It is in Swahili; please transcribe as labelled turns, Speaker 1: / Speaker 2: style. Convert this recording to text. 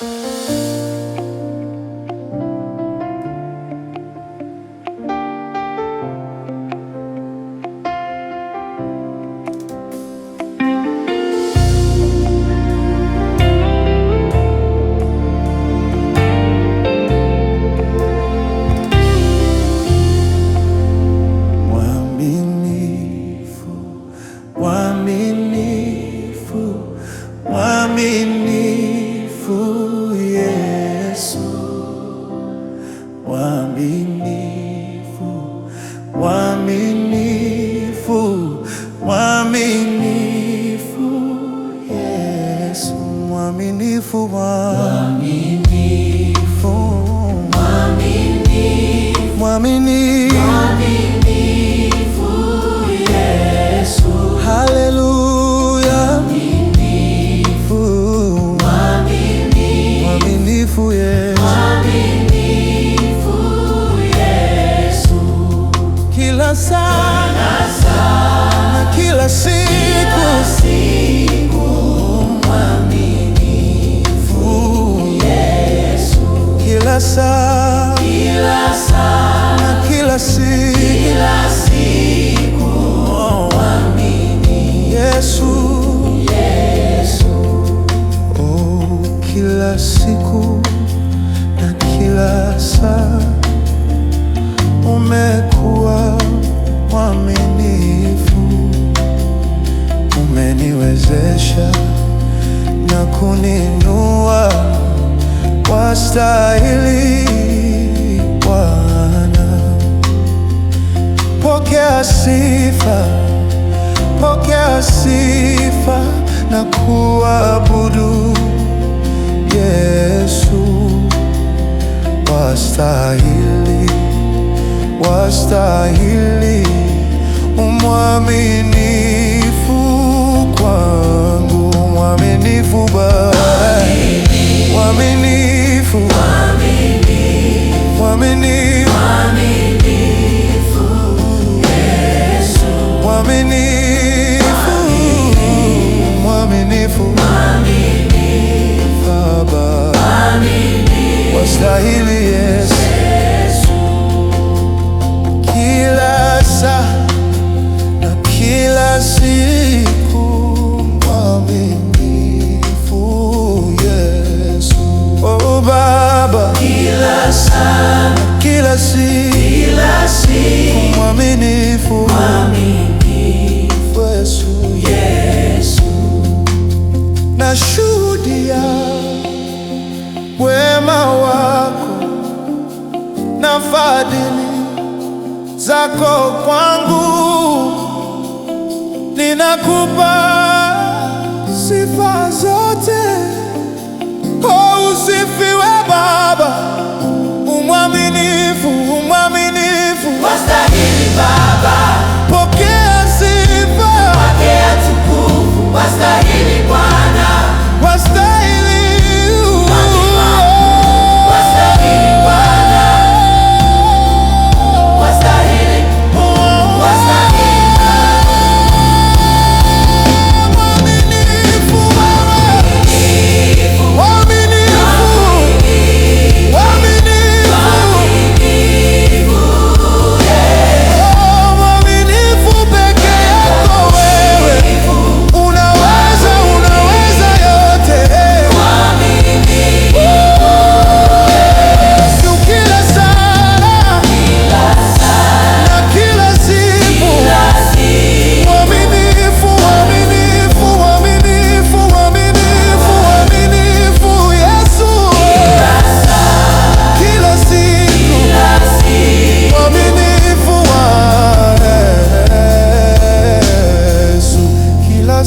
Speaker 1: Thank you. Mwaminifu, mwaminifu Yesu, mwaminifu
Speaker 2: mwaminifu, mwaminifu,
Speaker 1: mwaminifu.
Speaker 2: kila siku, Mwamini Yesu, Yesu.
Speaker 1: Oh, kila siku na kila saa umekuwa mwaminifu, umeniwezesha na kuninua kwa stahili Baba, pokea sifa na kuabudu. Yesu wastahili, wastahili umwamini
Speaker 2: sana kila kila
Speaker 1: mwaminifu Yesu na shuhudia wema wako na fadhili zako kwangu ninakupa